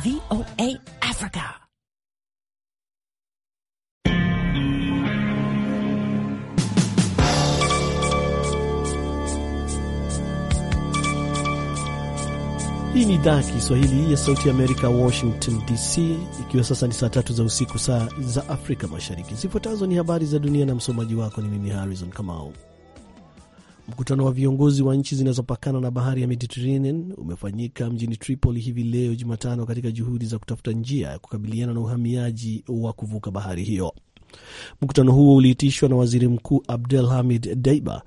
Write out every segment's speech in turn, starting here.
VOA Africa. Hii ni idhaa ya Kiswahili ya Sauti ya Amerika, Washington DC, ikiwa sasa ni saa tatu za usiku saa za Afrika Mashariki. Zifuatazo ni habari za dunia na msomaji wako ni mimi Harrison Kamau. Mkutano wa viongozi wa nchi zinazopakana na bahari ya Mediterranean umefanyika mjini Tripoli hivi leo Jumatano, katika juhudi za kutafuta njia ya kukabiliana na uhamiaji wa kuvuka bahari hiyo. Mkutano huo uliitishwa na waziri mkuu Abdel Hamid Deiba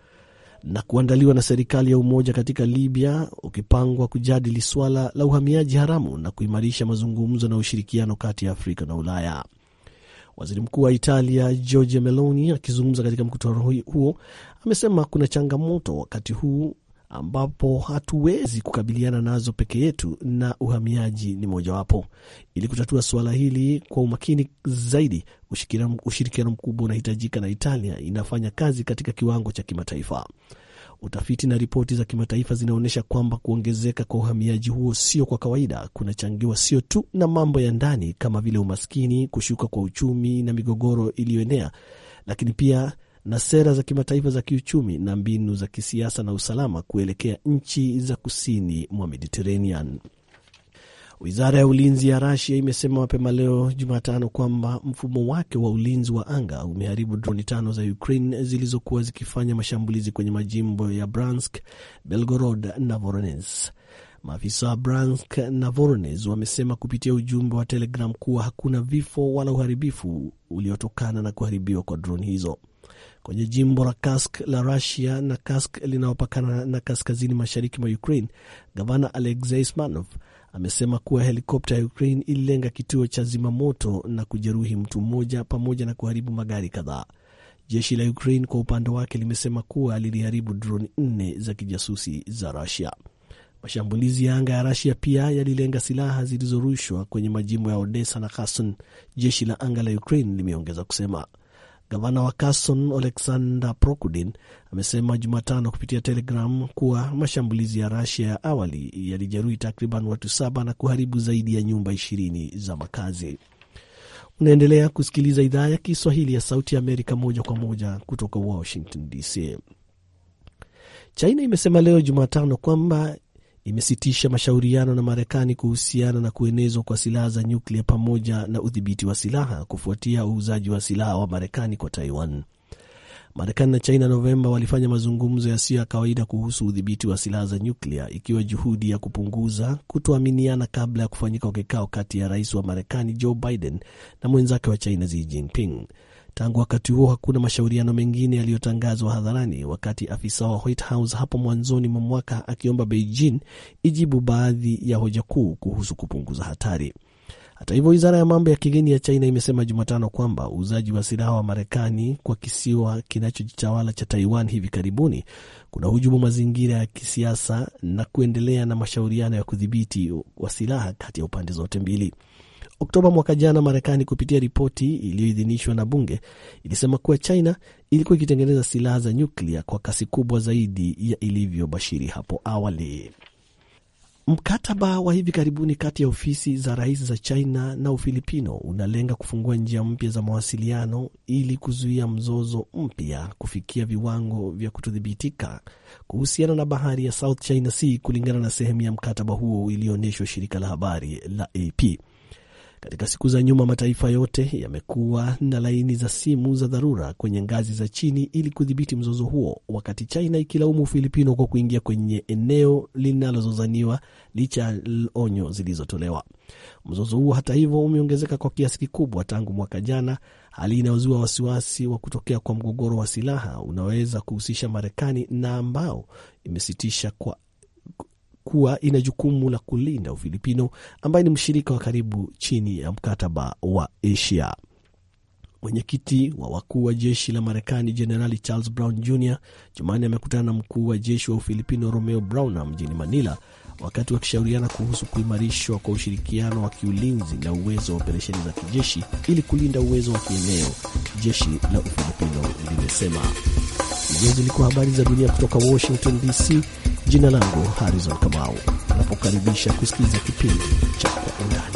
na kuandaliwa na serikali ya umoja katika Libya, ukipangwa kujadili swala la uhamiaji haramu na kuimarisha mazungumzo na ushirikiano kati ya Afrika na Ulaya. Waziri mkuu wa Italia Giorgia Meloni akizungumza katika mkutano huo amesema kuna changamoto wakati huu ambapo hatuwezi kukabiliana nazo peke yetu na uhamiaji ni mojawapo. Ili kutatua suala hili kwa umakini zaidi, ushirikiano mkubwa unahitajika na Italia inafanya kazi katika kiwango cha kimataifa. Utafiti na ripoti za kimataifa zinaonyesha kwamba kuongezeka kwa uhamiaji huo sio kwa kawaida, kunachangiwa sio tu na mambo ya ndani kama vile umaskini, kushuka kwa uchumi na migogoro iliyoenea, lakini pia na sera za kimataifa za kiuchumi na mbinu za kisiasa na usalama kuelekea nchi za kusini mwa Mediterranean. Wizara ya ulinzi ya Rasia imesema mapema leo Jumatano kwamba mfumo wake wa ulinzi wa anga umeharibu droni tano za Ukraine zilizokuwa zikifanya mashambulizi kwenye majimbo ya Bransk, Belgorod na Voronezh. Maafisa wa Bransk na Voronezh wamesema kupitia ujumbe wa Telegram kuwa hakuna vifo wala uharibifu uliotokana na kuharibiwa kwa droni hizo kwenye jimbo la Kursk la Rusia na Kursk linayopakana na kaskazini mashariki mwa Ukraine. Gavana Alexei Smanov amesema kuwa helikopta ya Ukraine ililenga kituo cha zimamoto na kujeruhi mtu mmoja pamoja na kuharibu magari kadhaa. Jeshi la Ukraine kwa upande wake limesema kuwa liliharibu droni nne za kijasusi za Rusia. Mashambulizi ya anga ya Rusia pia yalilenga silaha zilizorushwa kwenye majimbo ya Odessa na Kherson, jeshi la anga la Ukraine limeongeza kusema. Gavana wa Kherson alexander Prokudin amesema Jumatano kupitia Telegram kuwa mashambulizi ya Rusia ya awali yalijeruhi takriban watu saba na kuharibu zaidi ya nyumba ishirini za makazi. Unaendelea kusikiliza idhaa ya Kiswahili ya Sauti ya Amerika moja kwa moja kutoka Washington DC. China imesema leo Jumatano kwamba imesitisha mashauriano na Marekani kuhusiana na kuenezwa kwa silaha za nyuklia pamoja na udhibiti wa silaha kufuatia uuzaji wa silaha wa Marekani kwa Taiwan. Marekani na China Novemba walifanya mazungumzo yasiyo ya kawaida kuhusu udhibiti wa silaha za nyuklia, ikiwa juhudi ya kupunguza kutoaminiana kabla ya kufanyika kwa kikao kati ya rais wa Marekani Joe Biden na mwenzake wa China Xi Jinping. Tangu wakati huo hakuna mashauriano mengine yaliyotangazwa hadharani, wakati afisa wa White House hapo mwanzoni mwa mwaka akiomba Beijing ijibu baadhi ya hoja kuu kuhusu kupunguza hatari. Hata hivyo, wizara ya mambo ya kigeni ya China imesema Jumatano kwamba uuzaji wa silaha wa Marekani kwa kisiwa kinachojitawala cha Taiwan hivi karibuni kuna hujumu mazingira ya kisiasa na kuendelea na mashauriano ya kudhibiti wa silaha kati ya upande zote mbili. Oktoba mwaka jana, Marekani kupitia ripoti iliyoidhinishwa na bunge ilisema kuwa China ilikuwa ikitengeneza silaha za nyuklia kwa kasi kubwa zaidi ya ilivyobashiri hapo awali. Mkataba wa hivi karibuni kati ya ofisi za rais za China na Ufilipino unalenga kufungua njia mpya za mawasiliano ili kuzuia mzozo mpya kufikia viwango vya kutodhibitika kuhusiana na bahari ya South China Sea, kulingana na sehemu ya mkataba huo iliyoonyeshwa shirika la habari la AP. Katika siku za nyuma, mataifa yote yamekuwa na laini za simu za dharura kwenye ngazi za chini ili kudhibiti mzozo huo, wakati China ikilaumu Ufilipino kwa kuingia kwenye eneo linalozozaniwa licha ya onyo zilizotolewa. Mzozo huo hata hivyo umeongezeka kwa kiasi kikubwa tangu mwaka jana, hali inayozua wasiwasi wa kutokea kwa mgogoro wa silaha unaweza kuhusisha Marekani na ambao imesitisha kwa kuwa ina jukumu la kulinda Ufilipino ambaye ni mshirika wa karibu chini ya mkataba wa Asia. Mwenyekiti wa wakuu wa jeshi la Marekani Jenerali Charles Brown Jr Jumanne amekutana na mkuu wa jeshi wa Ufilipino Romeo Brown mjini Manila, wakati wakishauriana kuhusu kuimarishwa kwa ushirikiano wa kiulinzi na uwezo wa operesheni za kijeshi ili kulinda uwezo wa kieneo, jeshi la Ufilipino limesema. Hizo zilikuwa habari za dunia kutoka Washington DC. Jina langu Harrison Kamau, napokaribisha kusikiliza kipindi cha Kwa Undani.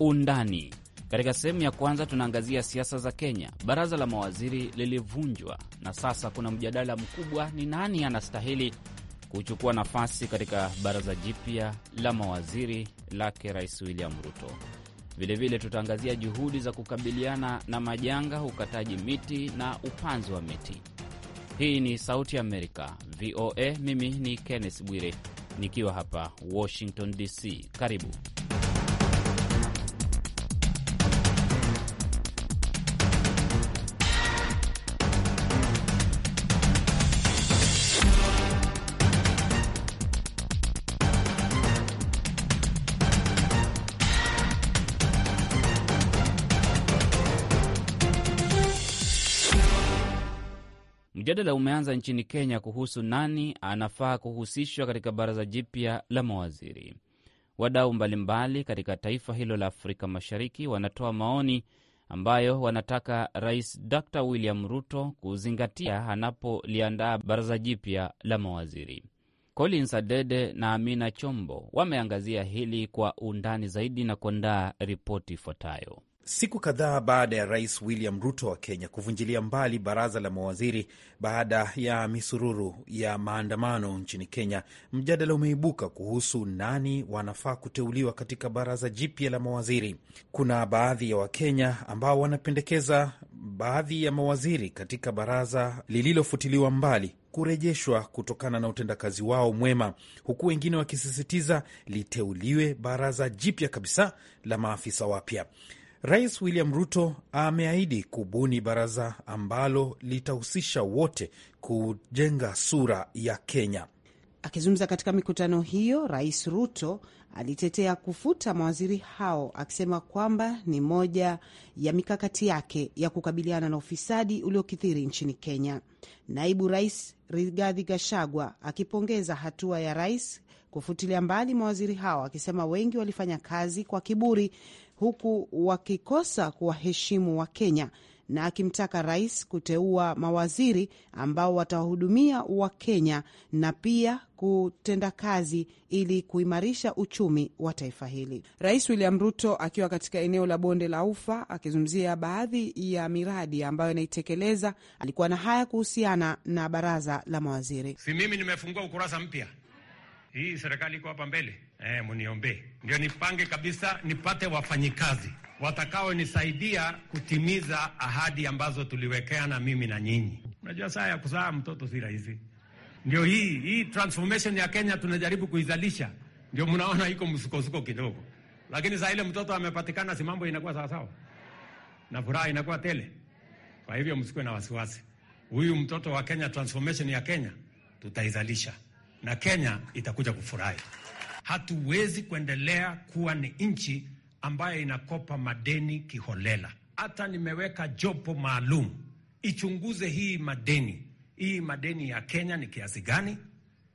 undani. Katika sehemu ya kwanza tunaangazia siasa za Kenya. Baraza la mawaziri lilivunjwa na sasa kuna mjadala mkubwa, ni nani anastahili kuchukua nafasi katika baraza jipya la mawaziri lake Rais William Ruto. Vilevile tutaangazia juhudi za kukabiliana na majanga, ukataji miti na upanzi wa miti. Hii ni Sauti ya Amerika, VOA. Mimi ni Kenneth Bwire nikiwa hapa Washington DC. Karibu. Mjadala umeanza nchini Kenya kuhusu nani anafaa kuhusishwa katika baraza jipya la mawaziri. Wadau mbalimbali katika taifa hilo la Afrika Mashariki wanatoa maoni ambayo wanataka Rais Dr William Ruto kuzingatia anapoliandaa baraza jipya la mawaziri. Collins Adede na Amina Chombo wameangazia hili kwa undani zaidi na kuandaa ripoti ifuatayo siku kadhaa baada ya Rais William Ruto wa Kenya kuvunjilia mbali baraza la mawaziri baada ya misururu ya maandamano nchini Kenya, mjadala umeibuka kuhusu nani wanafaa kuteuliwa katika baraza jipya la mawaziri. Kuna baadhi ya Wakenya ambao wanapendekeza baadhi ya mawaziri katika baraza lililofutiliwa mbali kurejeshwa kutokana na utendakazi wao mwema, huku wengine wakisisitiza liteuliwe baraza jipya kabisa la maafisa wapya. Rais William Ruto ameahidi kubuni baraza ambalo litahusisha wote kujenga sura ya Kenya. Akizungumza katika mikutano hiyo, Rais Ruto alitetea kufuta mawaziri hao akisema kwamba ni moja ya mikakati yake ya kukabiliana na ufisadi uliokithiri nchini Kenya. Naibu Rais Rigathi Gachagua akipongeza hatua ya rais kufutilia mbali mawaziri hao akisema wengi walifanya kazi kwa kiburi huku wakikosa kuwaheshimu Wakenya na akimtaka rais kuteua mawaziri ambao watawahudumia Wakenya na pia kutenda kazi ili kuimarisha uchumi wa taifa hili. Rais William Ruto akiwa katika eneo la bonde la Ufa akizungumzia baadhi ya miradi ambayo inaitekeleza, alikuwa na haya kuhusiana na baraza la mawaziri. Si mimi nimefungua ukurasa mpya, hii serikali iko hapa mbele eh, mniombe ndio nipange kabisa nipate wafanyikazi watakaonisaidia kutimiza ahadi ambazo tuliwekeana mimi na nyinyi. Unajua saa ya kuzaa mtoto si rahisi. Ndio hii hii transformation ya Kenya tunajaribu kuizalisha, ndio mnaona iko msukosuko kidogo, lakini saa ile mtoto amepatikana, si mambo inakuwa sawasawa na furaha inakuwa tele. Kwa hivyo msikuwe na wasiwasi, huyu mtoto wa Kenya, transformation ya Kenya tutaizalisha na Kenya itakuja kufurahi. Hatuwezi kuendelea kuwa ni nchi ambayo inakopa madeni kiholela. Hata nimeweka jopo maalum ichunguze hii madeni, hii madeni ya Kenya ni kiasi gani?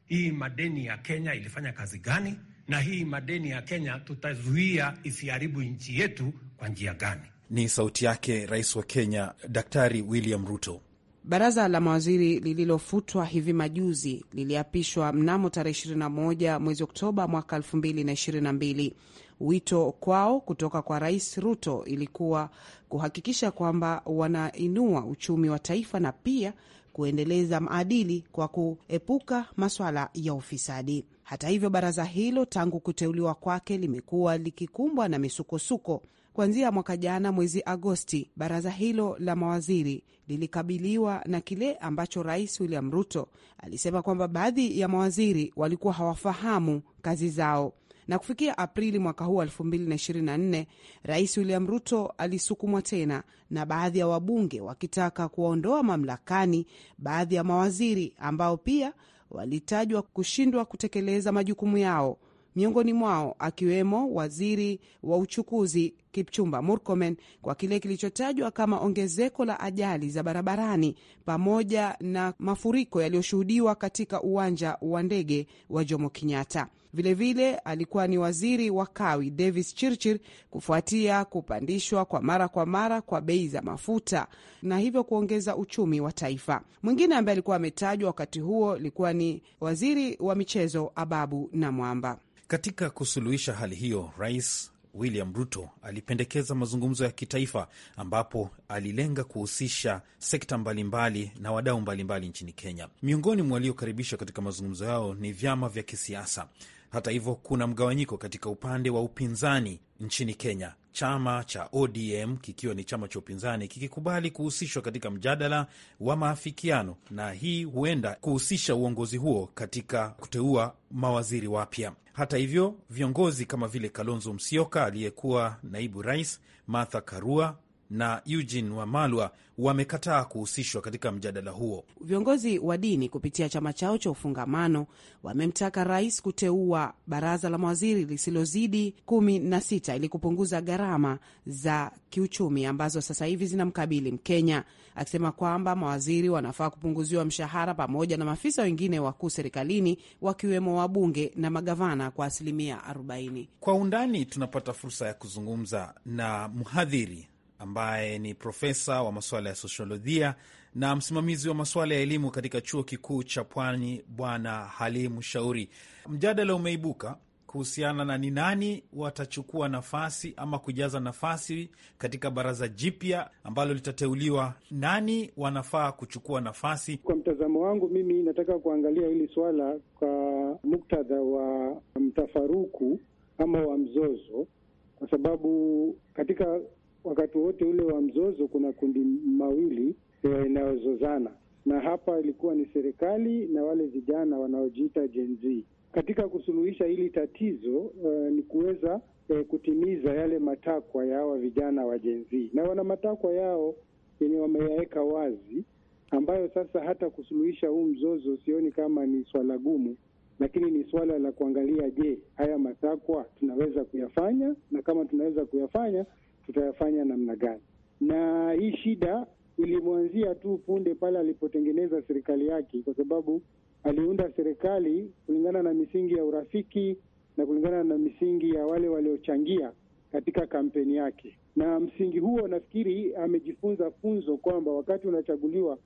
Hii madeni ya Kenya ilifanya kazi gani? Na hii madeni ya Kenya tutazuia isiharibu nchi yetu kwa njia gani? Ni sauti yake Rais wa Kenya Daktari William Ruto. Baraza la mawaziri lililofutwa hivi majuzi liliapishwa mnamo tarehe 21 mwezi Oktoba mwaka 2022. Wito kwao kutoka kwa Rais Ruto ilikuwa kuhakikisha kwamba wanainua uchumi wa taifa na pia kuendeleza maadili kwa kuepuka maswala ya ufisadi. Hata hivyo, baraza hilo tangu kuteuliwa kwake limekuwa likikumbwa na misukosuko. Kuanzia mwaka jana mwezi Agosti, baraza hilo la mawaziri lilikabiliwa na kile ambacho Rais William Ruto alisema kwamba baadhi ya mawaziri walikuwa hawafahamu kazi zao na kufikia Aprili mwaka huu 2024 Rais William Ruto alisukumwa tena na baadhi ya wabunge wakitaka kuwaondoa mamlakani baadhi ya mawaziri ambao pia walitajwa kushindwa kutekeleza majukumu yao, miongoni mwao akiwemo waziri wa uchukuzi Kipchumba Murkomen kwa kile kilichotajwa kama ongezeko la ajali za barabarani pamoja na mafuriko yaliyoshuhudiwa katika uwanja wa ndege wa Jomo Kenyatta. Vilevile alikuwa ni waziri wa kawi Davis Chirchir kufuatia kupandishwa kwa mara kwa mara kwa bei za mafuta na hivyo kuongeza uchumi wa taifa. Mwingine ambaye alikuwa ametajwa wakati huo alikuwa ni waziri wa michezo Ababu Namwamba. Katika kusuluhisha hali hiyo, rais William Ruto alipendekeza mazungumzo ya kitaifa ambapo alilenga kuhusisha sekta mbalimbali na wadau mbalimbali nchini Kenya. Miongoni mwa waliokaribishwa katika mazungumzo yao ni vyama vya kisiasa. Hata hivyo, kuna mgawanyiko katika upande wa upinzani nchini Kenya chama cha ODM kikiwa ni chama cha upinzani kikikubali kuhusishwa katika mjadala wa maafikiano, na hii huenda kuhusisha uongozi huo katika kuteua mawaziri wapya. Hata hivyo, viongozi kama vile Kalonzo Musyoka aliyekuwa naibu rais, Martha Karua na Eugene Wamalwa wamekataa kuhusishwa katika mjadala huo. Viongozi wa dini kupitia chama chao cha Ufungamano wamemtaka rais kuteua baraza la mawaziri lisilozidi kumi na sita ili kupunguza gharama za kiuchumi ambazo sasa hivi zinamkabili Mkenya, akisema kwamba mawaziri wanafaa kupunguziwa mshahara pamoja na maafisa wengine wakuu serikalini wakiwemo wabunge na magavana kwa asilimia 40. Kwa undani tunapata fursa ya kuzungumza na mhadhiri ambaye ni profesa wa masuala ya sosiolojia na msimamizi wa masuala ya elimu katika chuo kikuu cha Pwani, Bwana Halimu Shauri. Mjadala umeibuka kuhusiana na ni nani watachukua nafasi ama kujaza nafasi katika baraza jipya ambalo litateuliwa. Nani wanafaa kuchukua nafasi? Kwa mtazamo wangu mimi, nataka kuangalia hili swala kwa muktadha wa mtafaruku ama wa mzozo, kwa sababu katika wakati wote ule wa mzozo kuna kundi mawili eh, inayozozana na hapa ilikuwa ni serikali na wale vijana wanaojiita jenz Katika kusuluhisha hili tatizo uh, ni kuweza uh, kutimiza yale matakwa ya hawa vijana wa jenz na wana matakwa yao yenye wameyaweka wazi, ambayo sasa hata kusuluhisha huu mzozo sioni kama ni swala gumu, lakini ni swala la kuangalia, je, haya matakwa tunaweza kuyafanya? Na kama tunaweza kuyafanya tutayafanya namna gani. Na hii shida ilimwanzia tu punde pale alipotengeneza serikali yake, kwa sababu aliunda serikali kulingana na misingi ya urafiki na kulingana na misingi ya wale waliochangia katika kampeni yake. Na msingi huo nafikiri amejifunza funzo kwamba wakati unachaguliwa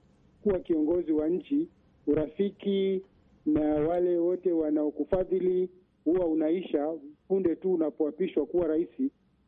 kuwa kiongozi wa nchi, urafiki na wale wote wanaokufadhili huwa unaisha punde tu unapoapishwa kuwa rais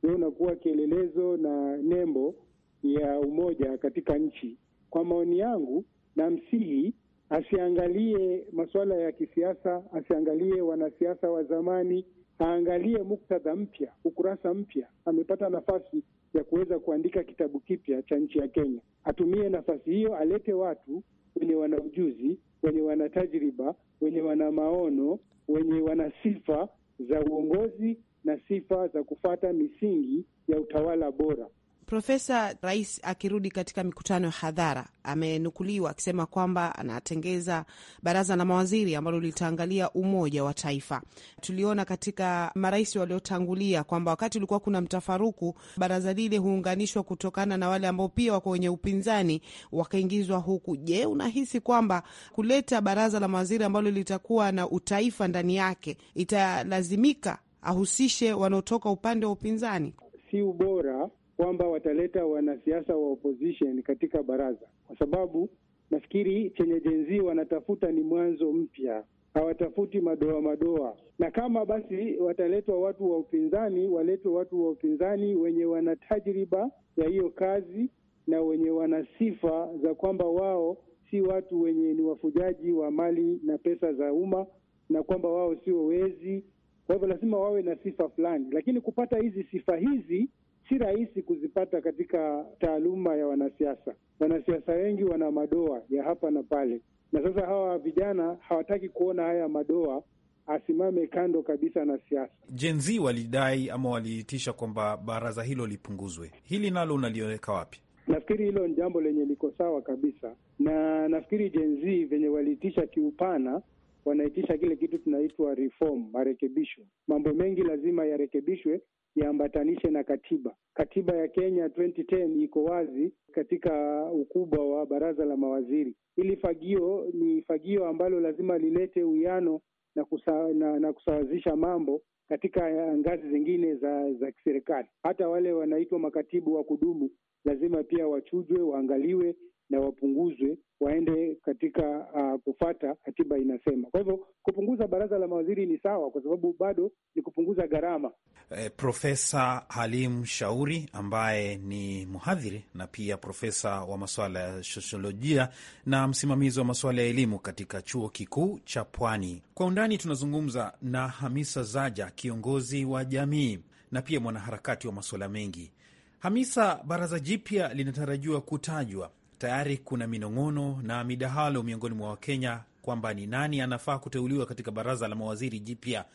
wewe unakuwa kielelezo na nembo ya umoja katika nchi. Kwa maoni yangu, namsihi asiangalie masuala ya kisiasa, asiangalie wanasiasa wa zamani, aangalie muktadha mpya, ukurasa mpya. Amepata nafasi ya kuweza kuandika kitabu kipya cha nchi ya Kenya. Atumie nafasi hiyo, alete watu wenye wana ujuzi, wenye wana tajriba, wenye wana maono, wenye wana sifa za uongozi na sifa za kufata misingi ya utawala bora. Profesa, rais akirudi katika mikutano ya hadhara amenukuliwa akisema kwamba anatengeza baraza la mawaziri ambalo litaangalia umoja wa taifa. Tuliona katika marais waliotangulia kwamba wakati ulikuwa kuna mtafaruku, baraza lile huunganishwa kutokana na wale ambao pia wako wenye upinzani wakaingizwa huku. Je, unahisi kwamba kuleta baraza la mawaziri ambalo litakuwa na utaifa ndani yake italazimika ahusishe wanaotoka upande wa upinzani. Si ubora kwamba wataleta wanasiasa wa opposition katika baraza, kwa sababu nafikiri chenye jenzi wanatafuta ni mwanzo mpya, hawatafuti madoa madoa. Na kama basi wataletwa watu wa upinzani, waletwe watu wa upinzani wenye wana tajriba ya hiyo kazi na wenye wana sifa za kwamba wao si watu wenye ni wafujaji wa mali na pesa za umma, na kwamba wao sio wezi kwa hivyo lazima wawe na sifa fulani, lakini kupata hizi sifa hizi si rahisi kuzipata katika taaluma ya wanasiasa. Wanasiasa wengi wana madoa ya hapa na pale, na sasa hawa vijana hawataki kuona haya madoa asimame kando kabisa na siasa. Gen Z walidai ama waliitisha kwamba baraza hilo lipunguzwe. Hili nalo unaliweka wapi? Nafikiri hilo ni jambo lenye liko sawa kabisa, na nafikiri Gen Z venye waliitisha kiupana wanaitisha kile kitu tunaitwa reform, marekebisho. Mambo mengi lazima yarekebishwe yaambatanishe na katiba. Katiba ya Kenya 2010 iko wazi katika ukubwa wa baraza la mawaziri. Hili fagio ni fagio ambalo lazima lilete uwiano na, kusa, na, na kusawazisha mambo katika ngazi zingine za za kiserikali. Hata wale wanaitwa makatibu wa kudumu lazima pia wachujwe, waangaliwe na wapunguzwe waende katika uh, ah, kufata katiba inasema. Kwa hivyo kupunguza baraza la mawaziri ni sawa, kwa sababu bado ni kupunguza gharama. Eh, Profesa Halim Shauri ambaye ni mhadhiri na pia profesa wa masuala ya sosiolojia na msimamizi wa masuala ya elimu katika chuo kikuu cha Pwani. Kwa undani tunazungumza na Hamisa Zaja, kiongozi wa jamii na pia mwanaharakati wa masuala mengi. Hamisa, baraza jipya linatarajiwa kutajwa tayari kuna minong'ono na midahalo miongoni mwa Wakenya kwamba ni nani anafaa kuteuliwa katika baraza la mawaziri jipya.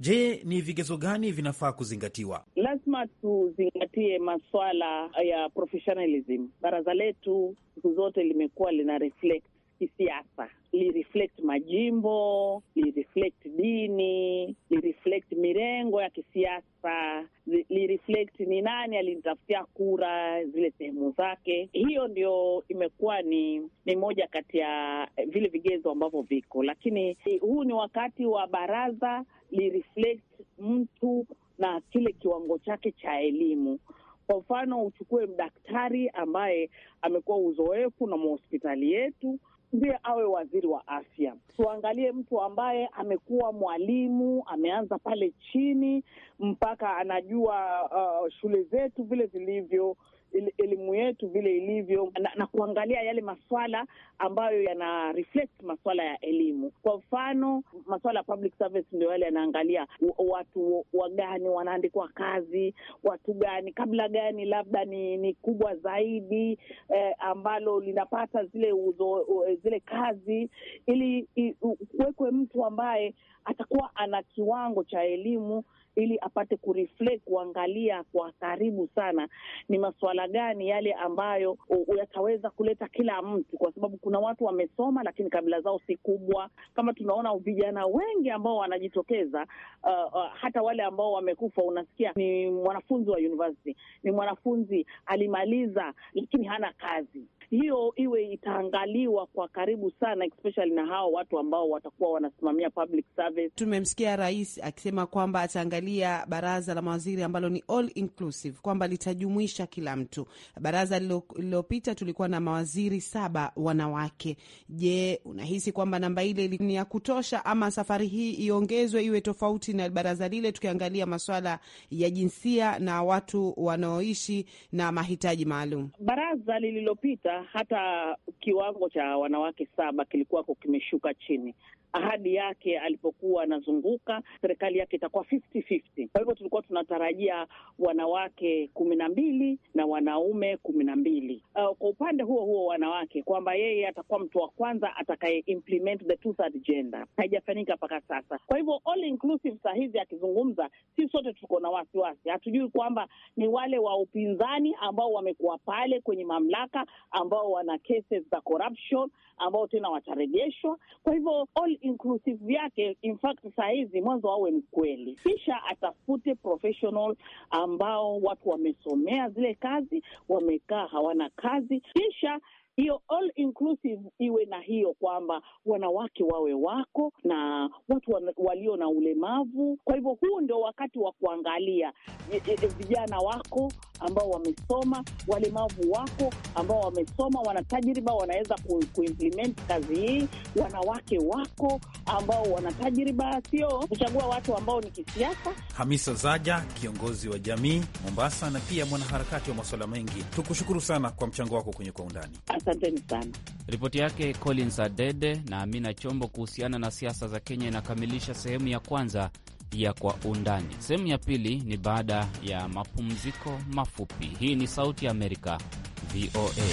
Je, ni vigezo gani vinafaa kuzingatiwa? Lazima tuzingatie maswala ya professionalism. Baraza letu siku zote limekuwa lina reflect kisiasa, lireflect majimbo, lireflect dini, lireflect mirengo ya kisiasa, lireflect ni nani alinitafutia kura zile sehemu zake. Hiyo ndio imekuwa ni ni moja kati ya eh, vile vigezo ambavyo viko, lakini eh, huu ni wakati wa baraza lireflect mtu na kile kiwango chake cha elimu. Kwa mfano uchukue mdaktari ambaye amekuwa uzoefu na mahospitali yetu, ndiye awe waziri wa afya. Tuangalie mtu ambaye amekuwa mwalimu, ameanza pale chini mpaka anajua uh, shule zetu vile zilivyo elimu yetu vile ilivyo na, na kuangalia yale maswala ambayo yana reflect maswala ya elimu. Kwa mfano maswala ya public service ndio yale yanaangalia watu wagani wanaandikwa kazi, watu gani kabla gani labda ni, ni kubwa zaidi eh, ambalo linapata zile uzo, zile kazi, ili kuwekwe mtu ambaye atakuwa ana kiwango cha elimu ili apate kureflect, kuangalia kwa karibu sana ni masuala gani yale ambayo yataweza kuleta kila mtu, kwa sababu kuna watu wamesoma, lakini kabila zao si kubwa, kama tunaona vijana wengi ambao wanajitokeza. Uh, uh, hata wale ambao wamekufa, unasikia ni mwanafunzi wa university, ni mwanafunzi alimaliza, lakini hana kazi hiyo iwe itaangaliwa kwa karibu sana, especially na hawa watu ambao watakuwa wanasimamia public service. Tumemsikia rais akisema kwamba ataangalia baraza la mawaziri ambalo ni all inclusive, kwamba litajumuisha kila mtu. Baraza lililopita tulikuwa na mawaziri saba wanawake. Je, unahisi kwamba namba ile ni ya kutosha ama safari hii iongezwe iwe tofauti na baraza lile, tukiangalia maswala ya jinsia na watu wanaoishi na mahitaji maalum? Baraza lililopita hata kiwango cha wanawake saba kilikuwako kimeshuka chini, ahadi yake alipokuwa anazunguka serikali yake itakuwa 50-50. Kwa hivyo tulikuwa tunatarajia wanawake kumi na mbili na wanaume kumi na mbili. Uh, kwa upande huo huo wanawake kwamba yeye atakuwa mtu wa kwanza atakaye implement the two-third gender, haijafanyika mpaka sasa. Kwa hivyo all inclusive saa hizi akizungumza, si sote tuko na wasiwasi, hatujui kwamba ni wale wa upinzani ambao wamekuwa pale kwenye mamlaka ambao wana cases za corruption ambao tena watarejeshwa. Kwa hivyo all inclusive yake In fact saa hizi mwanzo awe mkweli, kisha atafute professional ambao watu wamesomea zile kazi, wamekaa hawana kazi, kisha hiyo all inclusive iwe na hiyo kwamba wanawake wawe wako na watu walio na ulemavu. Kwa hivyo huu ndio wakati wa kuangalia vijana wako ambao wamesoma, walemavu wako ambao wamesoma, wana tajriba, wanaweza ku, kuimplement kazi hii. Wanawake wako ambao wana tajriba, sio kuchagua watu ambao ni kisiasa. Hamisa Zaja, kiongozi wa jamii Mombasa na pia mwanaharakati wa maswala mengi, tukushukuru sana kwa mchango wako kwenye Kwa Undani. Asanteni sana. Ripoti yake Collins Adede na Amina Chombo kuhusiana na siasa za Kenya inakamilisha sehemu ya kwanza ya Kwa Undani. Sehemu ya pili ni baada ya mapumziko mafupi. Hii ni Sauti ya Amerika, VOA.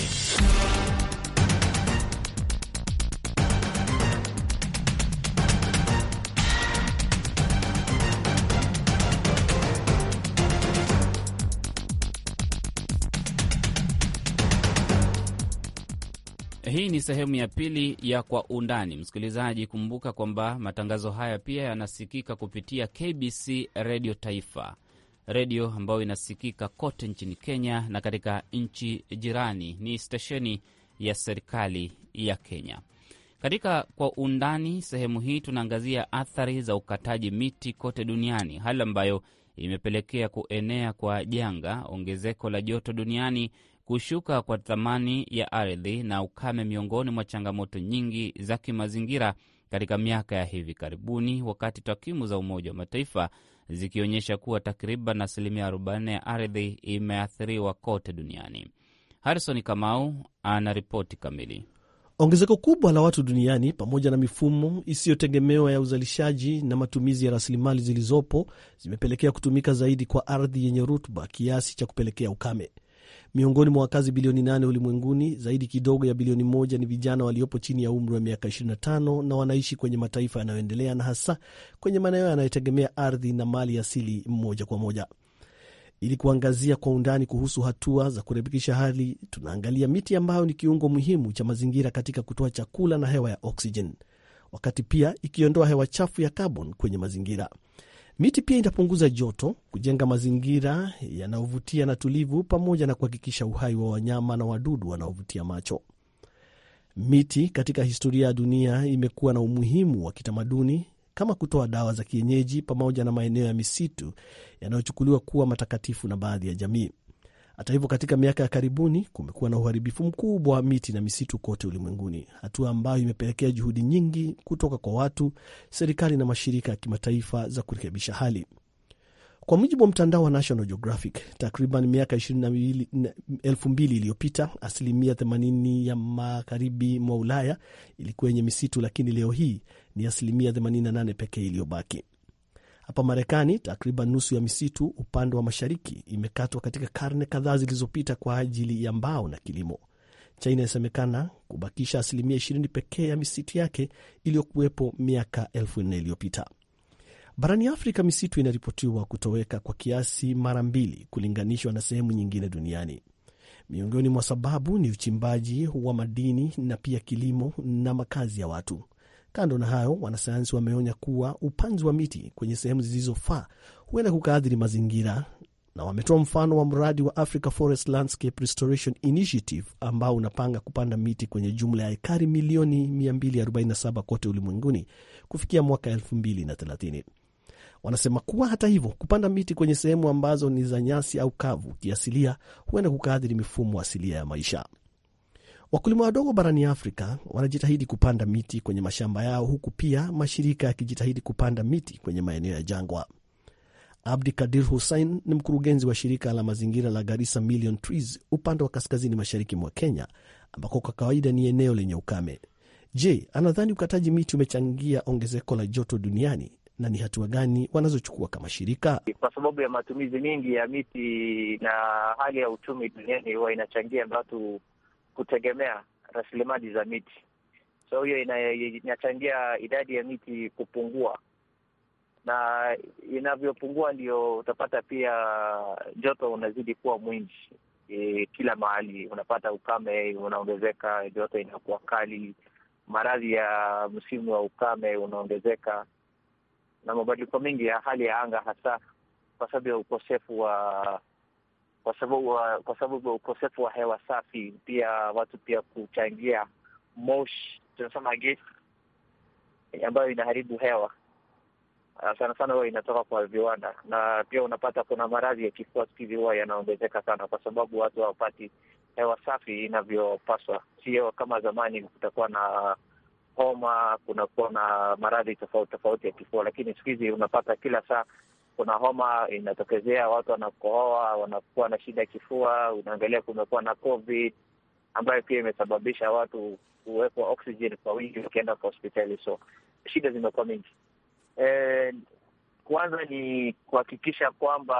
Hii ni sehemu ya pili ya Kwa Undani. Msikilizaji, kumbuka kwamba matangazo haya pia yanasikika kupitia KBC Redio Taifa, redio ambayo inasikika kote nchini Kenya na katika nchi jirani. Ni stesheni ya serikali ya Kenya. Katika Kwa Undani sehemu hii tunaangazia athari za ukataji miti kote duniani, hali ambayo imepelekea kuenea kwa janga ongezeko la joto duniani kushuka kwa thamani ya ardhi na ukame miongoni mwa changamoto nyingi za kimazingira katika miaka ya hivi karibuni, wakati takwimu za Umoja wa Mataifa zikionyesha kuwa takriban asilimia 40 ya ardhi imeathiriwa kote duniani. harison Kamau ana ripoti kamili. Ongezeko kubwa la watu duniani pamoja na mifumo isiyotegemewa ya uzalishaji na matumizi ya rasilimali zilizopo zimepelekea kutumika zaidi kwa ardhi yenye rutuba kiasi cha kupelekea ukame. Miongoni mwa wakazi bilioni 8 ulimwenguni, zaidi kidogo ya bilioni moja ni vijana waliopo chini ya umri wa miaka 25 na wanaishi kwenye mataifa yanayoendelea na hasa kwenye maeneo yanayotegemea ardhi na mali asili moja kwa moja. Ili kuangazia kwa undani kuhusu hatua za kurekebisha hali, tunaangalia miti ambayo ni kiungo muhimu cha mazingira katika kutoa chakula na hewa ya oksijeni, wakati pia ikiondoa hewa chafu ya kaboni kwenye mazingira. Miti pia inapunguza joto, kujenga mazingira yanayovutia na tulivu, pamoja na kuhakikisha uhai wa wanyama na wadudu wanaovutia macho. Miti katika historia ya dunia imekuwa na umuhimu wa kitamaduni kama kutoa dawa za kienyeji pamoja na maeneo ya misitu yanayochukuliwa kuwa matakatifu na baadhi ya jamii. Hata hivyo, katika miaka ya karibuni kumekuwa na uharibifu mkubwa wa miti na misitu kote ulimwenguni, hatua ambayo imepelekea juhudi nyingi kutoka kwa watu, serikali na mashirika ya kimataifa za kurekebisha hali. Kwa mujibu wa mtandao wa National Geographic, takriban miaka elfu mbili iliyopita asilimia 80 ya magharibi mwa Ulaya ilikuwa yenye misitu, lakini leo hii ni asilimia 88 pekee iliyobaki. Hapa Marekani, takriban nusu ya misitu upande wa mashariki imekatwa katika karne kadhaa zilizopita kwa ajili ya mbao na kilimo. China inasemekana kubakisha asilimia ishirini pekee ya misitu yake iliyokuwepo miaka elfu nne iliyopita. Barani Afrika, misitu inaripotiwa kutoweka kwa kiasi mara mbili kulinganishwa na sehemu nyingine duniani. Miongoni mwa sababu ni uchimbaji wa madini na pia kilimo na makazi ya watu. Kando na hayo, wanasayansi wameonya kuwa upanzi wa miti kwenye sehemu zilizofaa huenda kukaathiri mazingira na wametoa mfano wa mradi wa Africa Forest Landscape Restoration Initiative ambao unapanga kupanda miti kwenye jumla ya ekari milioni 247 kote ulimwenguni kufikia mwaka 2030. Wanasema kuwa hata hivyo, kupanda miti kwenye sehemu ambazo ni za nyasi au kavu kiasilia huenda kukaathiri mifumo asilia ya maisha. Wakulima wadogo barani Afrika wanajitahidi kupanda miti kwenye mashamba yao, huku pia mashirika yakijitahidi kupanda miti kwenye maeneo ya jangwa. Abdi Kadir Hussein ni mkurugenzi wa shirika la mazingira la Garissa Million Trees upande wa kaskazini mashariki mwa Kenya, ambako kwa kawaida ni eneo lenye ukame. Je, anadhani ukataji miti umechangia ongezeko la joto duniani na ni hatua gani wanazochukua kama shirika? Kwa sababu ya matumizi mengi ya miti na hali ya uchumi duniani huwa inachangia watu kutegemea rasilimali za miti, so hiyo inachangia idadi ya miti kupungua, na inavyopungua ndio utapata pia joto unazidi kuwa mwingi e, kila mahali unapata ukame unaongezeka, joto inakuwa kali, maradhi ya msimu wa ukame unaongezeka, na mabadiliko mengi ya hali ya anga hasa kwa sababu ya ukosefu wa kwa sababu wa, uh, kwa sababu ukosefu wa hewa safi, pia watu pia kuchangia moshi, tunasema gesi ambayo inaharibu hewa uh, sana sana, huwa inatoka kwa viwanda, na pia unapata kuna maradhi ya kifua kikii huwa yanaongezeka sana, kwa sababu watu hawapati hewa safi inavyopaswa. Si hewa kama zamani, kutakuwa na homa, kunakuwa na maradhi tofauti tofauti ya kifua, lakini siku hizi unapata kila saa kuna homa inatokezea, watu wanakohoa, wanakuwa na shida ya kifua. Unaangalia kumekuwa na COVID ambayo pia imesababisha watu kuwekwa oxygen kwa wingi wakienda kwa hospitali, so shida zimekuwa mingi. E, kwanza ni kuhakikisha kwamba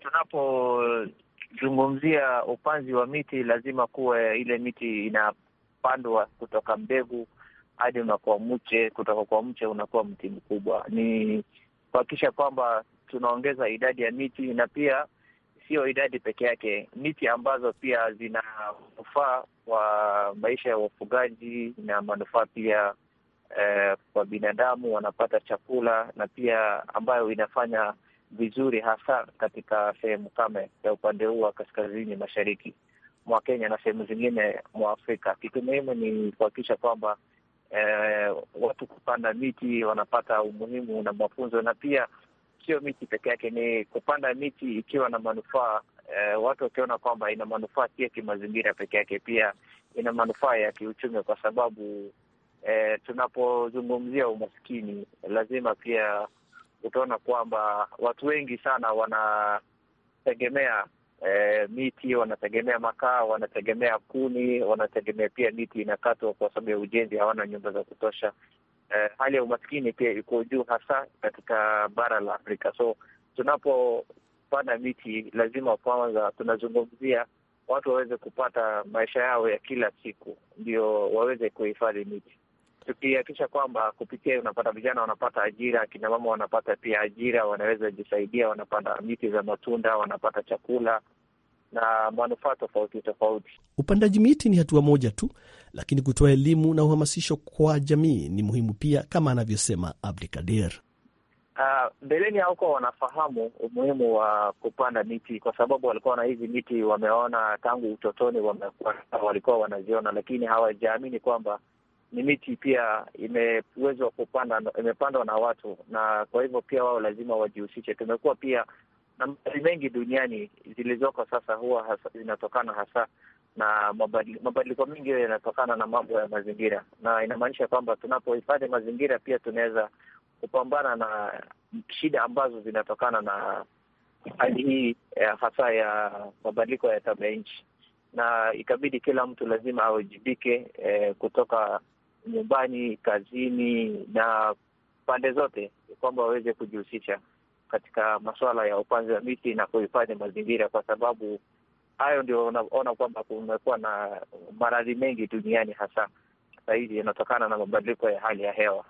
tunapozungumzia upanzi wa miti lazima kuwe ile miti inapandwa kutoka mbegu hadi unakuwa mche, kutoka kwa mche unakuwa mti mkubwa. Ni kuhakikisha kwamba tunaongeza idadi ya miti na pia sio idadi peke yake, miti ambazo pia zina manufaa kwa maisha ya wafugaji na manufaa pia eh, kwa binadamu wanapata chakula na pia ambayo inafanya vizuri hasa katika sehemu kame ya upande huu wa kaskazini mashariki mwa Kenya na sehemu zingine mwa Afrika. Kitu muhimu ni kuhakikisha kwamba eh, watu kupanda miti wanapata umuhimu na mafunzo na pia sio miti peke yake, ni kupanda miti ikiwa na manufaa eh, watu wakiona kwamba ina manufaa sio kimazingira peke yake, pia ina manufaa ya kiuchumi, kwa sababu eh, tunapozungumzia umaskini lazima pia utaona kwamba watu wengi sana wanategemea e, miti, wanategemea makaa, wanategemea kuni, wanategemea pia miti inakatwa kwa sababu ya ujenzi, hawana nyumba za kutosha eh, hali ya umaskini pia iko juu hasa katika bara la Afrika. So tunapopanda miti, lazima kwanza tunazungumzia watu waweze kupata maisha yao ya kila siku, ndio waweze kuhifadhi miti, tukihakikisha kwamba kupitia unapata vijana wanapata ajira, akina mama wanapata pia ajira, wanaweza jisaidia, wanapanda miti za matunda, wanapata chakula na manufaa tofauti tofauti. Upandaji miti ni hatua moja tu, lakini kutoa elimu na uhamasisho kwa jamii ni muhimu pia, kama anavyosema Abdikadir. Ah, mbeleni hauko wanafahamu umuhimu wa kupanda miti, kwa sababu walikuwa na hizi miti wameona tangu utotoni, wamekuwa walikuwa wanaziona, lakini hawajaamini kwamba ni miti pia imewezwa kupanda imepandwa na watu, na kwa hivyo pia wao lazima wajihusishe. Tumekuwa pia na mali mengi duniani zilizoko sasa huwa hasa, zinatokana hasa na mabadiliko mengi hayo yanatokana na mambo ya mazingira, na inamaanisha kwamba tunapohifadhi mazingira pia tunaweza kupambana na shida ambazo zinatokana na hali hii ya e, hasa ya mabadiliko ya tabia nchi, na ikabidi kila mtu lazima awajibike eh, kutoka nyumbani, kazini na pande zote, kwamba waweze kujihusisha katika masuala ya upanzi wa miti na kuhifadhi mazingira, kwa sababu hayo ndio unaona kwamba kumekuwa na maradhi mengi duniani, hasa sahizi yanatokana na mabadiliko ya hali ya hewa.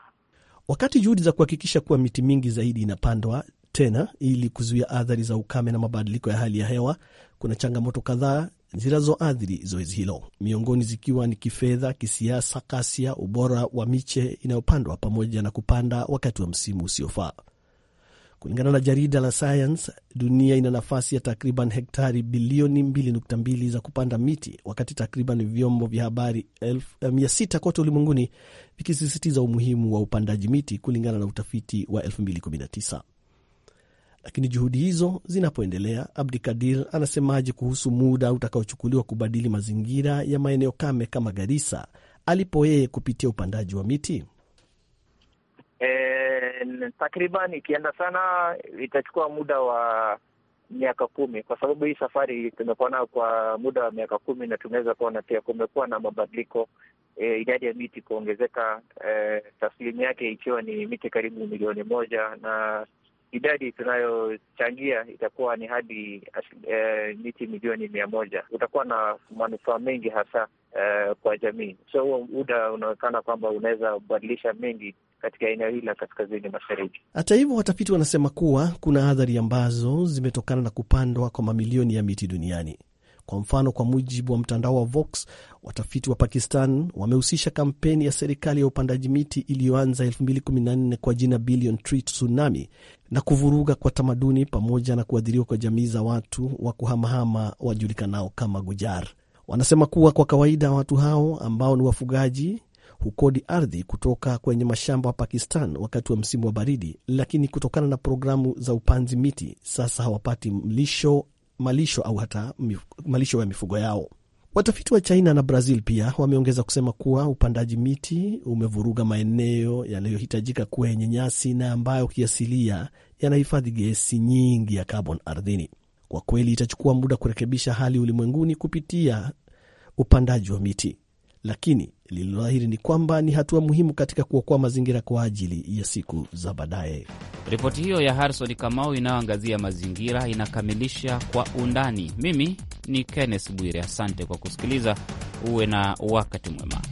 Wakati juhudi za kuhakikisha kuwa miti mingi zaidi inapandwa tena ili kuzuia athari za ukame na mabadiliko ya hali ya hewa, kuna changamoto kadhaa zinazoathiri zoezi hilo, miongoni zikiwa ni kifedha, kisiasa, kasia, ubora wa miche inayopandwa pamoja na kupanda wakati wa msimu usiofaa. Kulingana na jarida la Science, dunia ina nafasi ya takriban hektari bilioni 2.2 za kupanda miti, wakati takriban vyombo vya habari 600 eh, kote ulimwenguni vikisisitiza umuhimu wa upandaji miti, kulingana na utafiti wa 2019. Lakini juhudi hizo zinapoendelea, Abdikadir anasemaje kuhusu muda utakaochukuliwa kubadili mazingira ya maeneo kame kama Garissa alipo yeye kupitia upandaji wa miti? Eh, takriban ikienda sana itachukua muda wa miaka kumi kwa sababu hii safari tumekuwa nayo kwa muda wa miaka kumi na tunaweza kuona pia kumekuwa na mabadiliko e, idadi ya miti kuongezeka e, taslimu yake ikiwa ni miti karibu milioni moja na idadi tunayochangia itakuwa ni hadi e, miti milioni mia moja. Utakuwa na manufaa mengi hasa e, kwa jamii. So huo muda unaonekana kwamba unaweza kubadilisha mengi katika eneo hili la kaskazini mashariki. Hata hivyo, watafiti wanasema kuwa kuna athari ambazo zimetokana na kupandwa kwa mamilioni ya miti duniani. Kwa mfano, kwa mujibu wa mtandao wa Vox, watafiti wa Pakistan wamehusisha kampeni ya serikali ya upandaji miti iliyoanza 2014 kwa jina Billion Tree Tsunami na kuvuruga kwa tamaduni pamoja na kuadhiriwa kwa jamii za watu wa kuhamahama wajulikanao kama Gujar. Wanasema kuwa kwa kawaida watu hao ambao ni wafugaji hukodi ardhi kutoka kwenye mashamba wa Pakistan wakati wa msimu wa baridi, lakini kutokana na programu za upanzi miti sasa hawapati mlisho malisho au hata malisho ya mifugo yao. Watafiti wa China na Brazil pia wameongeza kusema kuwa upandaji miti umevuruga maeneo yanayohitajika kuwa yenye nyasi na ambayo kiasilia yanahifadhi gesi nyingi ya carbon ardhini. Kwa kweli itachukua muda kurekebisha hali ulimwenguni kupitia upandaji wa miti lakini lililodhahiri ni kwamba ni hatua muhimu katika kuokoa mazingira kwa ajili ya siku za baadaye. Ripoti hiyo ya Harison Kamau inayoangazia mazingira inakamilisha kwa undani. Mimi ni Kenneth Bwire, asante kwa kusikiliza. Uwe na wakati mwema.